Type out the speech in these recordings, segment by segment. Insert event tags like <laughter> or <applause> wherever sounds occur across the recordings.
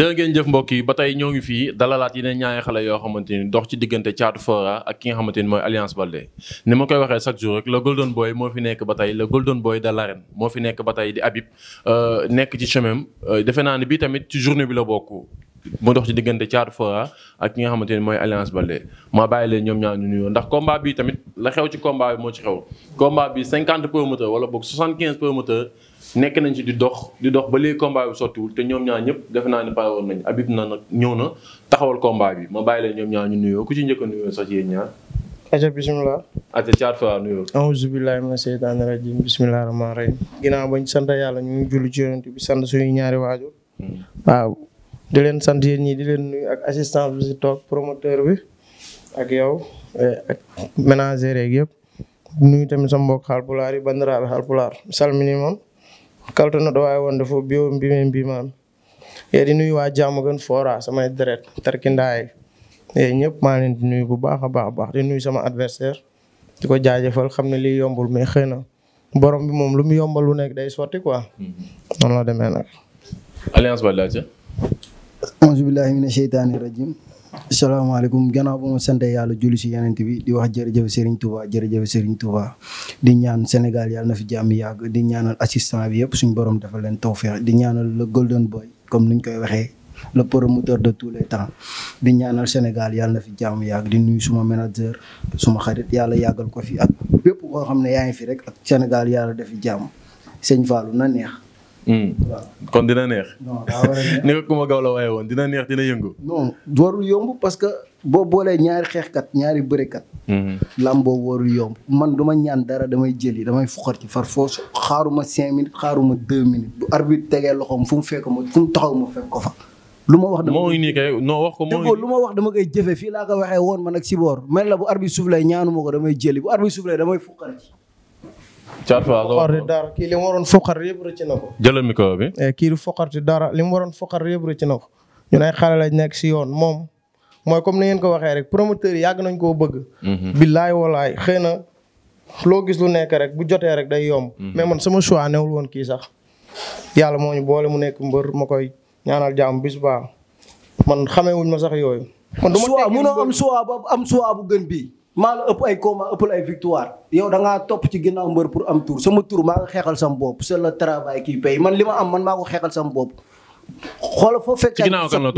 jërë ngeen jëf mbokk yi ba tey ñoo ngi fii dalalaat yeneen ñaari xale yoo xamante ni dox ci diggante Thiatou Fora ak ki nga xamante ni mooy Alliance Baldé ni ma koy waxee chaque jour rek le golden boy moo fi nekk ba tey le golden boy de moo fi nekk ba tey di Habib euh, nekk ci chemin euh, defe naa ne tamit ci journée bi la bokk mu dox ci diggante Thiatou Fora ak ki nga xamante ni mooy Alliance Baldé ma bàyyi leen ñoom ñaar ñu nuyoo ndax combat bi la xew ci combat bi moo ci xew combat nekk nañ ci di dox di dox ba léegi combat bi sottiwul te ñoom ñaar ñëpp def naa ne pare woon nañ Habib na nag ñëw na taxawal combat bi ma bàyyi leen ñoom ñaar ñu nuyoo ku ci njëkk a nuyoo sax yéen ñaar. aja bisimilah. aja caat fa nuyoo. auzu billahi mina seytaani rajim bisimilah rahmaani rahim. ginnaaw bañ sant yàlla ñu ngi julli ci yonent bi sant suñu ñaari waajur. Hmm. waaw di leen sant yéen ñii di leen nuyu ak assistance bi si toog promoteur bi yow eh, ak ménagère yeeg yëpp nuyu tamit sa mbokk xaalpulaar yi bandiraal xaalpulaar salmini moom kaltonoɗo wawi wonde fof bio mbimi mbimami di nuyi wa jamo gan fora samay deret tarkindayi eyyi ñëpp maa leen di nuyu bu baax a baax a baax di nuyu sama adversaire di ko jaajëfal xam ne lii yombul mais xëy na borom bi moom lu mu yombal lu nekk day sotti quoi mm-hmm. noonu la demee nag alliance ba laaj auzu billahi mina salaamaaleykum gannaaw ba ma sant yàlla julli si yeneen bi di wax jërëjëf Serigne Touba jërëjëf Serigne Touba di ñaan Sénégal yàlla na fi jàmm yàgg di ñaanal assistant bi yëpp suñu borom dafa leen tawféex di ñaanal le golden boy comme nuñ koy waxee le promoteur de tous les temps di ñaanal Sénégal yàlla fi jàmm yàgg di nuyu suma manager suma xarit yàlla yàggal ko fi ak bépp koo xam ne yaa ngi fi rek ak Sénégal yàlla dafi jàmm sëñ Fallou na neex. Hmm. kon dina neex. <laughs> ni ko kuma gaw la waaye woon dina neex dina yëngu. non warul yomb parce que boo boolee ñaari xeexkat ñaari bërekat. Hmm. lam boobu warul yomb man du ñaan dara damay jëli damay fuxar ci far foo xaaruma cinq minutes xaaruma deux minutes bu arbitre tegee loxoom fu mu fekk ma fu mu taxaw ma fekk ko fa. lu ma wax dama moo ngi nii wax ko moo lu ma wax dama koy jëfe fii laa ko waxee woon ma ak Sibor mel la bu arbitre suuf lay ñaanuma ko damay jëli bu arbitre suuf lay damay fuxar ci. caat faal foqarti dara kii li mu waroon foqar yëpp rëcc na ko. jëlal micro bi. Eh, kii di foqarti dara li mu na ko ñun ay xale nekk si yoon moom mooy comme ni ngeen ko waxee rek promoteur yi yàgg nañ koo bëgg. Mhm. billaay walaay xëy na loo gis lu nekk rek bu jotee rek day yomb. Mhm. mais man sama choix newul woon kii sax yàlla moo ñu boole mu nekk mbër ma koy ñaanal jàmm bis baax man xamee wuñ ma sax yooyu. kon du ma am choix bu gën bii. maa la ëpp ay combat ëpp la ay victoire yow da ngaa topp ci ginnaaw mbër pour am tour sama tour maa nga xeexal sam bopp c'est le travail qui li ma am man maa ko xeexal sam bopp. xoolal foo fekk. ci ginnaaw kan la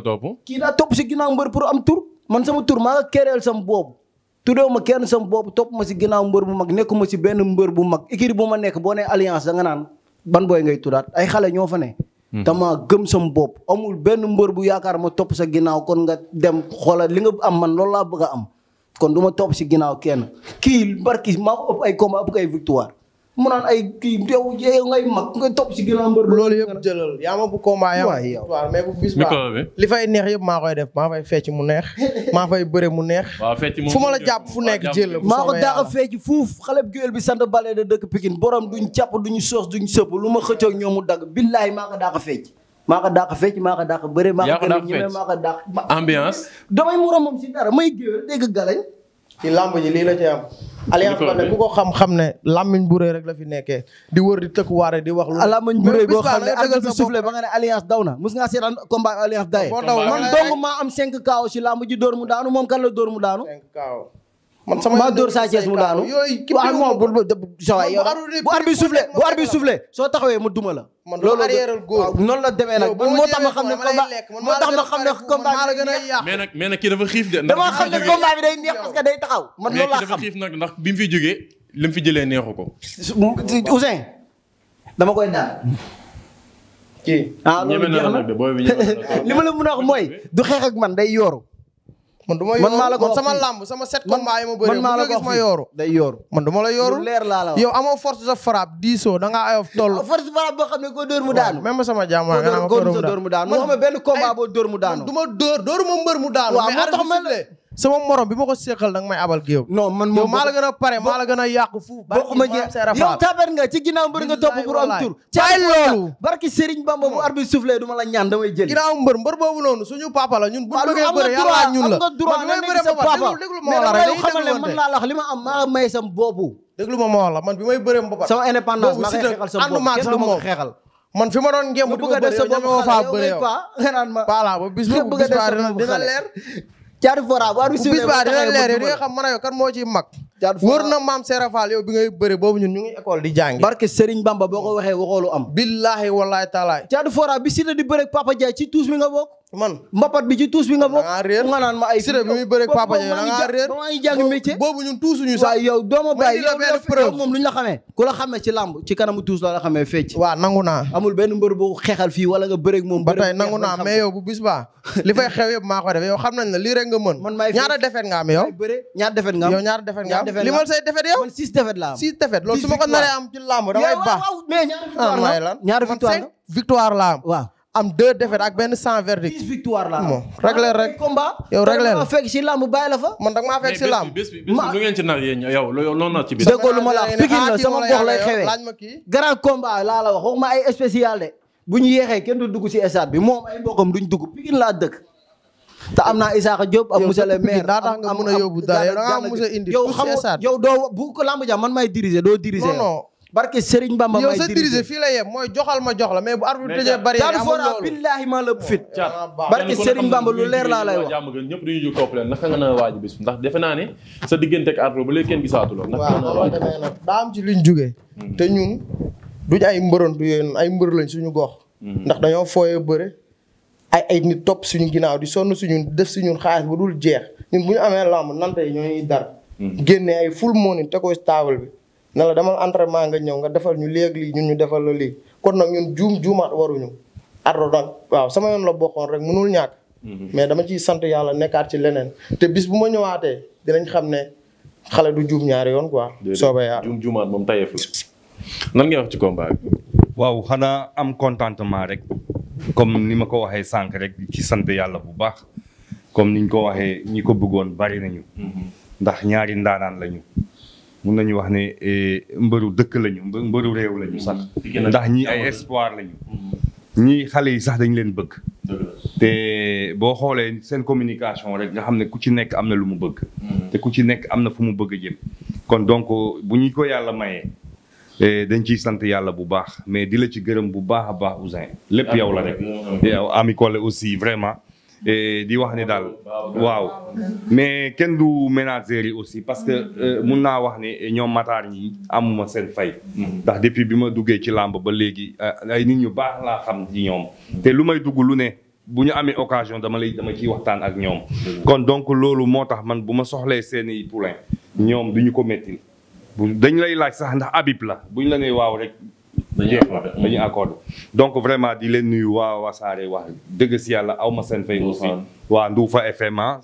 topp am kii daa topp si ginnaaw mbër pour am tour man sama tour maa nga kereel sam bopp. tuddee ma kenn sam bopp topp ma si ginnaaw mbër bu mag nekkuma si benn mbër bu mag équipe bu ma nekk boo nee alliance da nga naan ban booy ngay tuddaat ay xale ñoo fa ne Hmm. dama gëm sama bopp amul benn mbër bu yaakaar ma topp sa ginnaaw kon nga dem xoolal li nga am man loolu laa bëgg a am kon du topp si ginnaaw kenn kii barki maa ko ay combat ëpp ay victoire mu naan ay kii yow yow ngay mag nga topp si ginnaaw mbër. loolu yëpp jëlal yaa ma bu combat yaa ma bu bis baa li fay neex yëpp maa koy def maa fay fecc mu neex. <laughs> maa fay bëre mu neex. fu ma la jàpp fu nekk jël. maa ko daax a xale bu bi sant balee da dëkk Pikine borom duñ càpp duñu soos duñu sëpp lu ma xëccoog ñoom mu dagg billaay maa ko daax a fecc. maa ko dàq fecc maa ko dàq bëre maa ko gën a ñeme maa ko dàq ambiance damay moroomam si dara may géwél dégg galañ ci làmb ji lii la ci am. alliance Baldé ko xam-xam ne làmmiñ bu rëy rek la fi nekkee di wër di tëkk waare di wax. Ah, làmmiñ bu rëy boo xam ne ba nga ne alliance daw na mus ngaa seetaan combat alliance daye man dong maa am 5 kaaw si làmb ji dóor mu daanu moom kan la dóor mu daanu. man sama maa dóor Sa Thiès mu daanu. yooyu kii bi moom bu arbi soufflé bu soo taxawee ma duma la. man loolu noonu la demee nag moo tax ma xam ne tax ma xam ne combat bi day neex. mais nag mais nag kii dafa xiif de. dama xam ne combat bi day neex parce taxaw. man loolu laa xam mais nag ndax bi mu fi jógee li mu fi jëlee neexu ko. Ousseyn dama koy daan. kii. ah loolu jeex na <laughs> li ma la mën a wax mooy du xeex ak man day yooru man du ma yooru man maa la ko sama lamb sama set combat yi ma bëree man maa la yooru day yooru yow amoo force de frappe diisoo da ngaa ayof toll force de boo xam ne koo dóor mu daanu même sama jaam nga naa ma dóor mu daanu mu xam benn combat boo dóor mu daanu du ma dóor dóoru ma mbër mu daanu mais sama morom bi ma ko seqal nag may abal géew. non man moom maa a pare maa la gën a yàqu fu. bokkuma yow taper nga ci ginnaaw mbër nga topp pour am tur. caay loolu barki Serigne Bamba bu arbitre soufflé du ma la ñaan damay jël. ginnaaw mbër mbër boobu noonu suñu papa la ñun. bu ñu bëggee bëre yàlla ñun la am nga ma la rek li ma am may sam boobu. déglu ma ma wax man bi may bëree mbopat. sama indépendance maa ngi xeexal sa bopp ma xeexal. man fi ma doon ngemb di ko bëree yow ñeme faa bëree yow. voilà ba bis bu bis bu dina leer caatu fora bu arbitre bi bis baa dina leer di nga xam mën a yow ciy mag wër na maam Serap Fall yow bi ngay bëre boobu ñun ñu ngi école di jàngi barke Serigne Bamba boo ko waxee waxoolu am billaahi wallaahi taalaay Caatu Fora bi Siteu di bëre Papa Diaye ci tuus bi nga bokk man mbapat bi ci tuus bi nga bokk nga naan ma ay Siteu bi muy bëre Papa Diaye da ngaa réer ba maa ngi jàng métier boobu ñun tuusuñu sax waaw yow dooma bàyyi yow moom lu ñu la xamee ku la xamee ci làmb ci kanamu tuus la la xamee fecc waaw nangu naa amul benn mbër bu xeexal fii wala nga bëre ak moom ba tey nangu naa mais yow bu bis baa li fay xew yëpp maa ko def yow xam nañ la lii rek nga mën ñaata defet nga am yow ñaata defet nga am defet limal say defet yow. man six defet laa am six defet loolu su ma ko naree am ci làmb damay baax. mais ñaari ah, victoire la victoire am. waaw defet ak benn sans verdict. six victoire laa am ah, rek. combat yow réglé la fekk si làmb bàyyi la fa. man da ma fekk si làmb. bés bi yow loo nar ci bés. déggoo ma la ah, pikin la sama gox lay xewee. grand combat laa la wax waxuma ay spécial de. bu ñu yéexee kenn du dugg si stade bi moom ay mbokkam duñ dugg pikin laa dëkk te am na Isaaxa Diop ak monsieur le maire am am am yow xam yow doo bu ko lamb ja man may la yem mooy joxal ma jox la mais bu arbitre tëjee ma la fit. barke Serigne Bamba lu leer laa lay wax. ñëpp dañuy jóg topp leen naka nga na waaj bis ndax defe sa diggante ak arbitre ba léegi kenn gisaatu la. naka daa am ci liñ jugee. te ñun duñ ay mbërantu ay mbër lañ suñu gox. ndax dañoo fooyee bëre ay ay nit topp suñu ginnaaw di sonn suñu def suñu xaalis bu dul jeex ñun bu ñu amee làmb nante ñooy dar. Hmm. génnee ay full morning te koy stable bi. ne la demal entraînement nga ñëw nga defal ñu léegi lii ñun ñu defal la lii kon nag ñun juum juumaat waruñu. ardo nag waaw sama yoon la bokkoon rek mënul ñàkk. Hmm. mais dama ciy sant yàlla nekkaat ci leneen te bis bu ma ñëwaatee dinañ xam ne xale du juum ñaari yoon quoi. soobee yàlla juum juumaat moom tayeef la. nan ngay ci combat waaw xanaa am contentement rek. comme ni ma ko waxee sànq rek ci sant yàlla bu baax comme niñ ko waxee ñi ko bëggoon bari nañu. ndax ñaari ndaanaan lañu. mun nañu wax ne eh, mbëru dëkk lañu mbëru réew lañu sax. ndax ñii ay espoir lañu. ñii xale yi sax dañ leen bëgg. te boo xoolee seen communication rek nga xam ne ku ci nekk am na lu mu bëgg. te ku ci nekk am na fu mu bëgg a jëm. kon donc bu ñu ko yàlla mayee. Eh, dañ ciy sant yàlla bu baax mais di la ci gërëm bu baax a baax Ouzin lépp yow la rek yow Ami aussi vraiment eh, di wax ne daal waaw mais kenn du ménagères yi aussi parce que euh, mun naa wax ne eh, ñoom mataar ñi amuma seen fay ndax depuis bi ma duggee ci làmb ba léegi euh, ay nit ñu baax laa xam ci ñoom te lu may dugg lu ne bu ñu amee occasion dama lay dama ciy waxtaan ak ñoom kon donc loolu moo tax man bu ma soxlee seeni poulain ñoom du ñu ko méttil bu dañ lay laaj sax ndax Habib la buñ la nee waaw rek. dañuy accordé dañuy accordé donc vraiment di leen nuyu waa Wassare wax dëgg si yàlla aw ma seen fay. aussi waa Nduufa FM ah,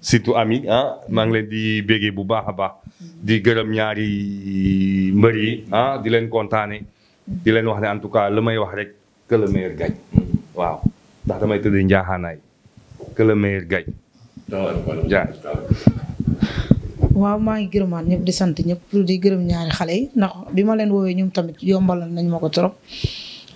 surtout ami ah maa ngi leen di béggee bu baax a baax. di gërëm ñaari mbër yi ah di leen kontaane di leen wax ne en tout cas la may wax rek que le meilleur gagne. Mm-hmm. waaw ndax damay tëdd njaaxaanaay que le meilleur waaw maa ngi gërëmaat ñëpp di sant ñëpp di gërëm ñaari xale yi ndax bi ma leen woowee ñoom tamit yombalal nañ ma ko trop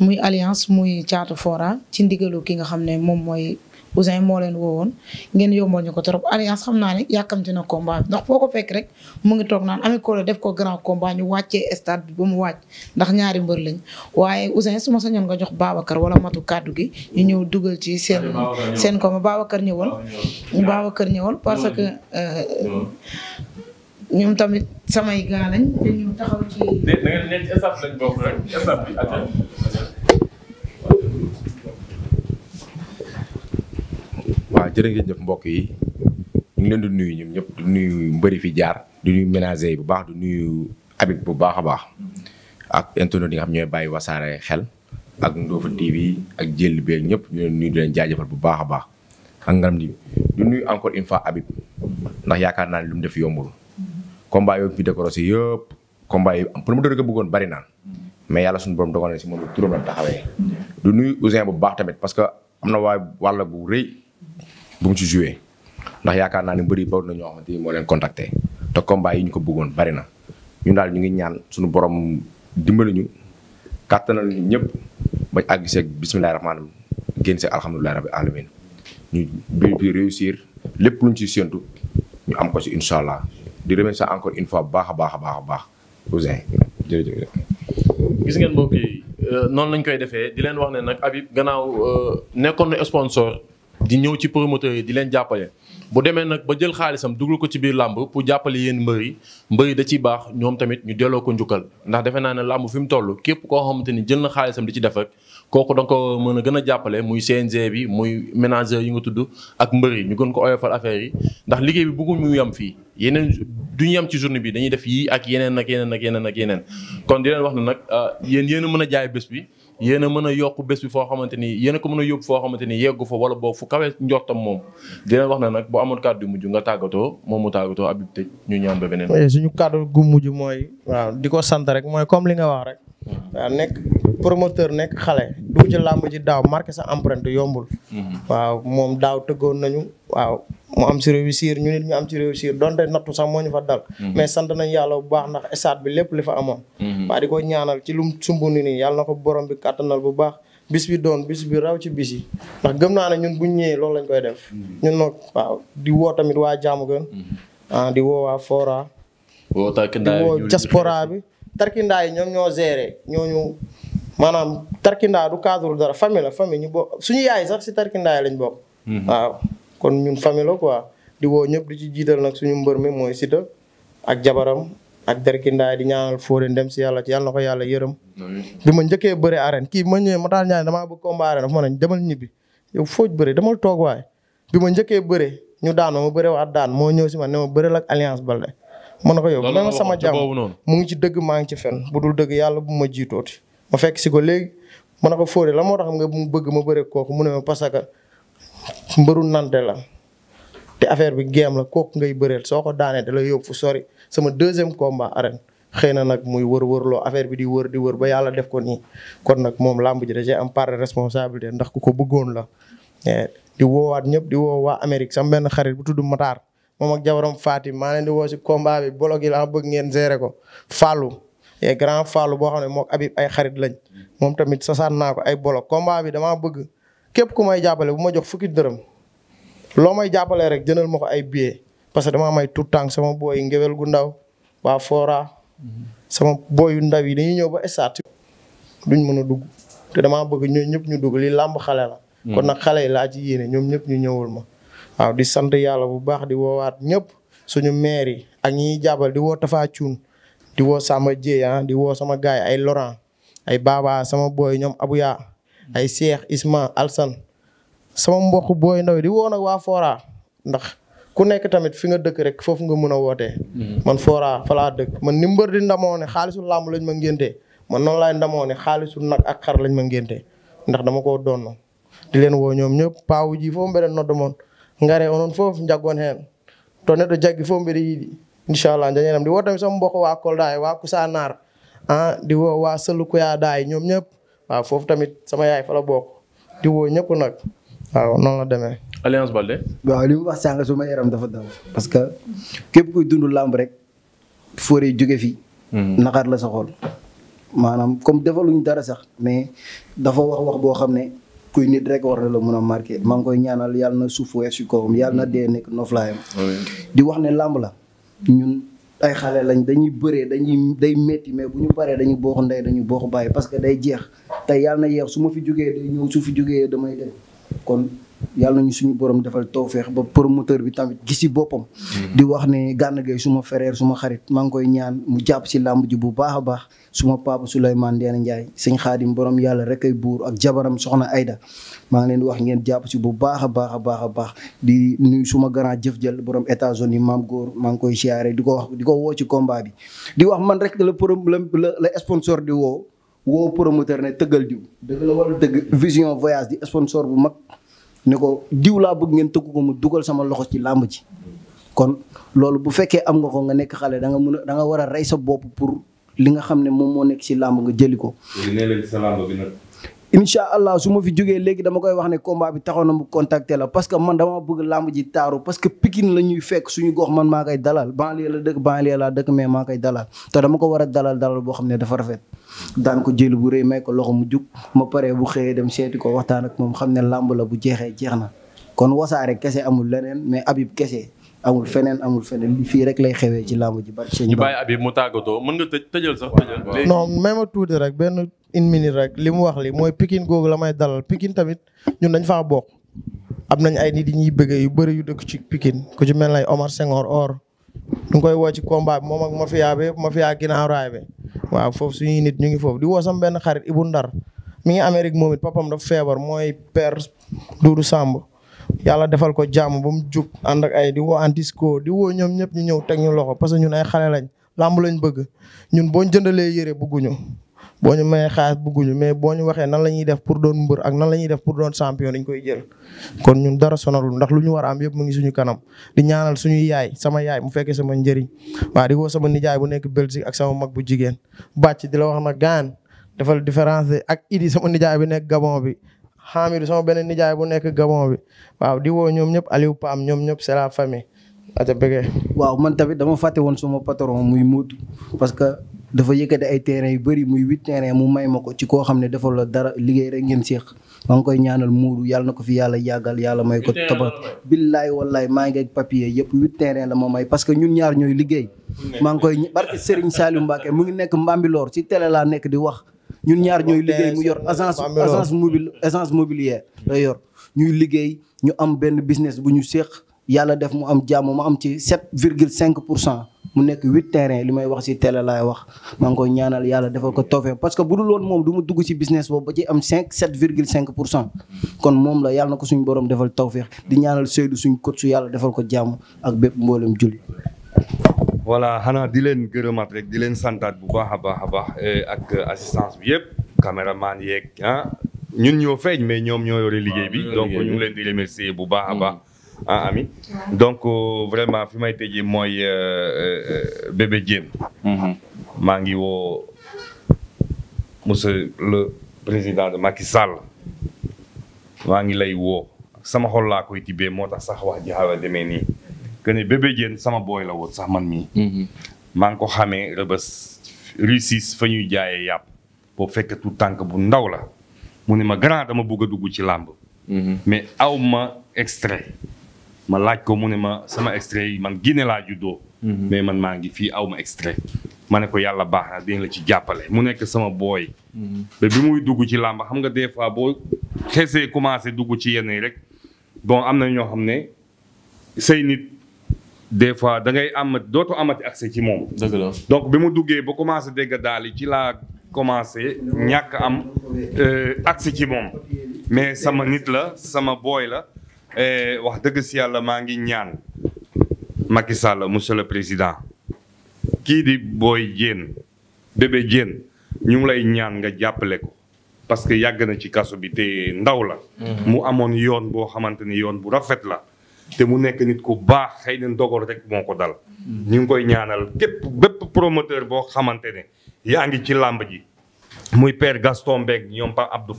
muy alliance muy caatu fora ci ndigalu ki nga xam ne moom mooy Ousin moo leen woowoon ngeen yombal ñu ko trop alliance xam naa ne yàkkamti na combat bi ndax foo ko fekk rek mu ngi toog naan Ami Collé def ko grand combat ñu wàccee stade ba mu wàcc ndax ñaari mbër lañ waaye Ousin su ma sañoon nga jox Babacar wala matu kàddu gi ñu ñëw dugal ci seen seen combat Babacar ñëwoon Babacar ñëwoon parce que euh, ñoom tamit samay gaa lañ te ñu taxaw ci. léegi da jëf mbokk yi ñu ngi leen di nuyu ñoom ñëpp di nuyu mbëri fi jaar du nuyu ménager yi bu baax du nuyu abit bu baax a baax ak internet yi xam ñooy bàyyi wasaare xel ak Ndofane TV ak jël bi ak ñëpp ñu leen nuyu di jaajëfal bu baax a baax ak ngaram di di nuyu encore une fois Habib ndax yaakaar naa ne lu def yombul. combat yooyu fi décorosé yëpp combat yi promoteur yi ko bëggoon bari na mais yàlla suñu borom dogal na si moom la turam la taxawee. du nuyu Ouzin bu baax tamit parce que am na waaye wàll bu rëy bu mu ci joué ndax yaakaar naa ne mbëri bari na ñoo xamante ni moo leen contacté te combat yi ñu ko bëggoon bari na ñun daal ñu ngi ñaan suñu borom dimbali ñu kàttanal ñu ñëpp bañ àgg seeg bisimilah rahmaani génn seeg alhamdulilah rabbi alamin ñu biir bi réussir lépp luñ ci séntu ñu am ko ci incha du di remercier encore une fois baax a baax a baax a baax Ouzin jërëjëf. gis ngeen mbokk yi euh, noonu lañ koy defee di leen wax ne nag Habib gannaaw euh, nekkoon na sponsor di ñëw ci promoteur yi di leen jàppale. bu demee nag ba jël xaalisam dugal ko ci biir làmb pour jàppale yéen mbër yi mbër yi da ciy baax ñoom tamit ñu delloo ko njukkal ndax defe naa ne làmb fi mu toll képp koo xamante ni jël na xaalisam di ci def rek. kooku da nga ko mën a gën a jàppale muy CNG bi muy ménageur yi nga tudd ak mbër ñu gën ko oyofal affaire yi ndax liggéey bi bëggul mu yem fii yeneen du ñu yem ci journée bi dañuy def yii ak yeneen ak yeneen ak yeneen ak yeneen kon di leen wax ne nag ah, yéen yéen a mën a jaay bés bi yéen mën a yokk bés bi foo xamante ni yéen ko mën a yóbbu foo xamante ni yeggu fa wala boo fu kawee njortam moom di leen wax ne nag bu amoon mujj nga tàggatoo moom mu tàggatoo Habib tëj ñu ñaan ba beneen suñu kàddu gu mujj mooy waaw di ko sant rek mooy comme li nga wax rek waaw nekk promoteur nekk xale dugg ci làmb ji daaw marqué sa empreinte yombul. Mhm. waaw moom daaw tëggoon nañu waaw mu am si réussir ñu nit ñu am si réussir donte nattu sax moo ñu fa dal. Mhm. mais sant nañ yàlla bu baax ndax stade bi lépp li fa amoon. Mhm. waa di ko ñaanal ci lum sumbuni nii yàlla na ko borom bi kàttanal bu baax. bis bi doon bis bi raw ci bisi ndax gëm naa ne ñun bu ñëwee loolu lañ koy def ñu nag waaw di woo tamit waa jaamu gën. Ah, di woo waa Fora. woo di woo diaspora bi. tarkindaa yi ñoom ñoo géré ñooñu maanaam tarkindaa du cadre dara famille la famille ñu bokk suñu yaay sax si tarkindaa yi lañ bokk. Mhm. waaw kon ñun famille la quoi di woo ñëpp di ci jiital nag suñu mbër mi mooy Siteu ak jabaram ak tarkindaa di ñaanal Fodé dem si yàlla ci yàlla na ko yàlla yërëm. bi ma njëkkee bëre arène kii ma ñëwee ma daal ñaan damaa bëgg combat arène dafa ma ne demal ñibbi yow fooj bëre demal toog waay bi ma njëkkee bëre ñu daan ma ma bëre waat daan moo ñëw si ma ne ma bëre la ak Alliance mën na ko yow même sama jàmm mu ngi ci dëgg maa ngi ci fen bu dul dëgg yàlla bu ma jiitooti ma fekk si ko léegi mën na ko fóore la moo tax nga mu bëgg ma bëre kooku mu ne ma parce que mbëru nante la te affaire bi géem la kook ngay bëreel soo ko daanee da lay yóbbu fu sori sama deuxième combat arène xëy na nag muy wër loo affaire bi di wër di wër ba yàlla def ko nii kon nag moom làmb ji da cee am part de ndax ku ko bëggoon la eh, di woowaat ñëpp di woo waa Amérique sama benn xarit bu tudd Matar moom ak jabaram Fatim maa leen di woo si combat bi bolog yi laa bëgg ngeen gérer ko Fallou et grand Fallou boo xam ne mook abi ay xarit lañ moom tamit sasaan naa ko ay bolog combat bi damaa bëgg képp ku may jàppale bu ma jox fukki dërëm loo may jàppalee rek jënal ma ko ay billets parce que damaa may tout tànk sama booy ngewel gu ndaw waa Fora sama booyu ndaw yi dañuy ñëw ba stade duñ mën a dugg te damaa bëgg ñooñu ñëpp ñu dugg li làmb xale la. Hmm. kon nag xale yi laaj ci yéene ñoom ñëpp ñu ñëwul ma. waaw di sant yàlla bu baax di woowaat ñëpp suñu maire yi a ñi jàppal di woo Tafa Cuun di woo Samba Dieye ah, di woo sama gaay ay Laurent ay Baba sama booy ñoom Abouya ay Cheikh Isma Alsan sama mbokk booy ndaw di woo nag waa Fora ndax ku nekk tamit fi nga dëkk rek foofu nga mën a wootee. Mm-hmm. man Fora fa dëkk man ni mbër di ndamoo xaalisu làmb lañ ma ngéntee man noonu laay ndamoo ne xaalisu nag ak xar ma ngéntee ndax dama ko doon di leen woo ñoom ñëpp paawu ngare onon fof jaggon hen to neɗɗo jaggi fof mbiɗa yiiɗi inchallah jañenam ndi wottami somo mboko foofu tamit sama yaay fa la bokk di woo ñëpp nag waaw noonu la demee alliance Baldé waaw yaram dafa daw parce que képp kuy dund làmb rek foore jóge fi hmm. naqar la sa maanaam comme defaluñ dara sax mais dafa wax wax boo xam ne kuy nit rek war na la mën a marqué maa ngi koy ñaanal yàlla na suuf weesu si kawam yàlla na mm. dee nekk noflaayam di wax ne làmb la ñun ay xale lañ dañuy bëree dañuy day métti mais bu ñu paree dañuy boox ndey dañu boox bàyyi parce que day jeex te yàlla na yeex su ma fi jógee day ñëw su fi jógee damay dem kon yàlla nañu suñu borom defal tawféex ba promoteur bi tamit gis ci boppam. Mm-hmm. di wax ne Gana Gueye suma frère suma xarit maa ngi koy ñaan mu jàpp ci làmb ji bu baax a baax suma papa Souleymane Ndéné Ndiaye sëñ xaadim boroom yàlla rek ay buur ak jabaram soxna Aida maa ngi leen di wax ngeen jàpp ci bu baax a baax a baax a baax di nuy suma grand jëf jël borom États-Unis maam gor maa ngi koy siyaare di ko wax di ko woo ci combat bi. di wax man rek la pro la la sponsor di woo woo promoteur ne tëggal diw dëgg bu mag. ni ko diw laa bëgg ngeen tëgg ko mu dugal sama loxo ci làmb ji kon loolu bu fekkee am nga ko nga nekk xale danga nga mën a da nga war a rey sa bopp pour li nga xam ne moom moo nekk ci làmb nga jëli ko. sa làmb bi nag. incha allah su ma fi jógee léegi dama koy wax ne combat bi taxaw na mu contacter la parce que man dama bëgg làmb ji taaru parce que Pikine la ñuy fekk suñu gox man maa koy dalal banlieue la dëkk banlieue laa dëkk mais maa koy dalal te dama ko war a dalal dalal boo xam ne dafa daan ko jël bu rey may ko loxo mu jug ma pare bu xëyee dem seeti ko waxtaan ak moom xam ne làmb la bu jeexee jeex na kon wasaare kese amul leneen mais Habib kese amul feneen amul feneen fii rek lay xewee ci làmb ji. bari seen ñu bàyyi Habib mu mën nga tëj tëjal sax tëjal. non may ma tuuti rek benn une minute rek li mu wax li mooy Pikine googu la may dalal pikin tamit ñun dañ faa bokk. am nañ ay nit yi ñuy bëggee yu bëri yu dëkk ci pikin ku ci mel ne Omar Senghor or ñu ngi koy woo ci combat bi moom ak mafia bi mafia ginnaaw raay bi waaw foofu suñuy nit ñu ngi foofu di woo sama benn xarit Ibou Ndar mi ngi Amérique moom it papam dafa feebar mooy per Doudou Samb yàlla defal ko jàmm ba mu jub ànd ak ay di woo antisco di woo ñoom ñëpp ñu ñëw teg ñu loxo parce que ñun ay xale lañ làmb lañ bëgg ñun boo jëndalee yére bëgguñu boo ñu mayee xaalis bëgguñu mais boo ñu waxee nan la ñuy def pour doon mbër ak nan la ñuy def pour doon champion dañ koy jël. kon ñun dara sonalul ndax lu ñu war am yëpp mu ngi suñu kanam di ñaanal suñuy yaay sama yaay mu fekkee sama njëriñ waa di sama nijaay bu nekk Belgique ak sama mag bu jigéen bàcc di la wax na gaan defal différence ak Idi sama nijaay bi nekk Gabon bi. Hamidou sama beneen nijaay bu nekk Gabon bi waaw di woo ñoom ñëpp Aliou Pam ñoom ñëpp c'est la famille. waaw man tamit dama fàtte woon suma patron muy muut parce que dafa yëkkati ay terrain yu bëri muy huit terrain mu may ma ko ci koo xam ne dafa la dara liggéey rek ngeen séq maa ngi koy ñaanal muudu yàlla na ko fi yàlla yàggal yàlla may ko tabax billaay wallaay maa ngee ak yëpp huit terrain la ma may parce que ñun ñaar ñooy liggéey maa ngi koy barke Serigne Saliou Mbacké mu ngi nekk Mbambilor ci télé laa nekk di wax ñun ñaar ñooy liggéey mu yor agence agence mobile agence mobilière la yor ñuy liggéey ñu am benn business bu ñu séq yàlla def mu am jàmm mu am ci sept virgule cinq pour cent mu nekk huit terrain li may wax si télé laay wax maa koy ñaanal yàlla defal ko toofee parce que bu dul woon moom du mu dugg si business boobu ba ci am cinq sept virgule cinq kon moom la yàlla na ko suñ borom defal tawféex di ñaanal Seydou suñ kot su yàlla defal ko jàmm ak bépp mboolem julli voilà xanaa di leen gërëm gërëmaat rek di leen santaat bu baax a baax a baax eh, ak assistance bi yëpp caméraman yeeg ah ñun ñoo feeñ mais ñoom ñoo yore liggéey bi donc ñu leen di remercier bu baax a baax ah donc euh, vraiment fi may tëjee mooy euh, euh, bébé Diène mm-hmm. maa ngi woo monsieur le président de Macky Sall maa ngi lay woo sama xol laa koy moo tax sax wax ji xaw demee nii que ne bébé sama booy la woon sax man mii mm-hmm. maa ngi ko xamee rëbës réussis fa ñuy jaayee yàpp boo fekk tout tànk bu ndaw la mu ne ma grand dama bëgg a dugg ci làmb mm-hmm. mais awma ma extrait ma laaj ko mu ne ma sama extrait yi man Guinée laa juddoo. Mhm. mais man maa ngi fii aw ma extrait. ma ne ko yàlla baax na dina la ci jàppale mu nekk sama booy. Mhm. bi muy dugg ci làmba xam nga des fois boo xesee commencé dugg ci yenn yi rek bon am na ñoo xam ne say nit des fois da ngay am dootu amati accès ci moom. dëgg donc bi mu duggee ba commencé dégg daal ci laa commencé ñàkk am euh, accès ci moom mais sama nit la sama booy la. Eh, wax dëgg si yàlla maa ngi ñaan Macky Sall monsieur le président kii di booy Diène bébé Diène ñu ngi lay ñaan nga jàppale ko parce que yàgg na ci kaso bi te ndaw la. Mm-hmm. mu amoon yoon boo xamante ni yoon bu rafet la. te mu nekk nit ku baax xëy na ndogal rek moo ko dal. Mm-hmm. ñu ngi koy ñaanal képp bépp promoteur boo xamante ne yaa ngi ci làmb ji. muy père Gaston Mbengue ñoom Pa Abdou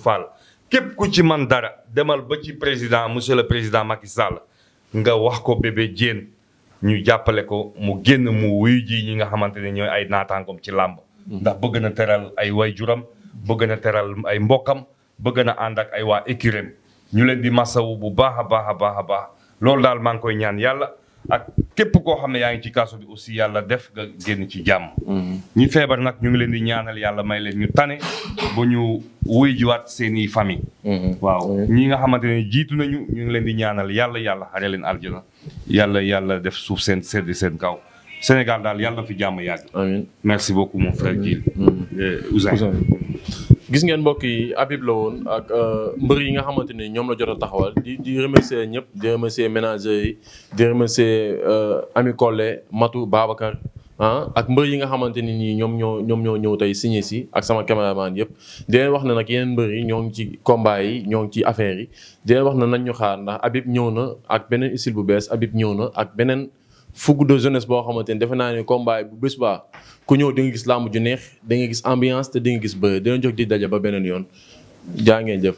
képp ku ci man dara demal ba ci président monsieur le président Macky Sall nga wax ko bébé Diène ñu jàppale ko mu génn mu wuyu ji ñi nga xamante ne ñooy ay naataangoom ci làmb ndax bëgg na teral ay waajuram bëgg na teral ay mbokkam bëgg na ànd ak ay waa écuréem ñu leen di masawu bu baax a baax a baax a baax loolu daal maa koy ñaan yàlla ak képp koo xam ne yaa ngi ci kaso bi aussi yàlla def nga génn ci jàmm. Mhm. ñi feebar nag ñu ngi leen di ñaanal yàlla may leen ñu tane ba ñu wuy jiwaat seeni famille. Mhm. waaw ñi nga xamante ne jiitu nañu ñu ngi leen di ñaanal yàlla yàlla xare leen aljana yàlla yàlla def suuf seen sedd seen kaw Sénégal daal yàlla fi jàmm yàgg. amiin merci beaucoup mon frère Gilles mhm. euh, Ousseyn. gis ngeen mbokk yi Habib la woon ak euh, mbër yi nga xamante ni ñoom la jot a taxawal di di remercier ñëpp di remercier ménageurs yi di remercier euh, Ami Collé Matou Babacar ah, ak mbër yi nga xamante ni nii ñoom ñoo ñoom ñoo ñëw tey signé si ak sama caméraman yëpp di leen wax ne nag yeneen mbër yi ñoo ngi ci combat yi ñoo ngi ci affaire yi di leen wax na nañ ñu xaar ndax Habib ñëw na ak beneen style bu bees Habib ñëw na ak beneen fougue de jeunesse boo xamante ni defe naa ne combat bu bés baa ku ñëw di nga gis làmb ju neex di nga gis ambiance te di nga gis ba dina jox di daje ba beneen yoon jaa ngeen jëf.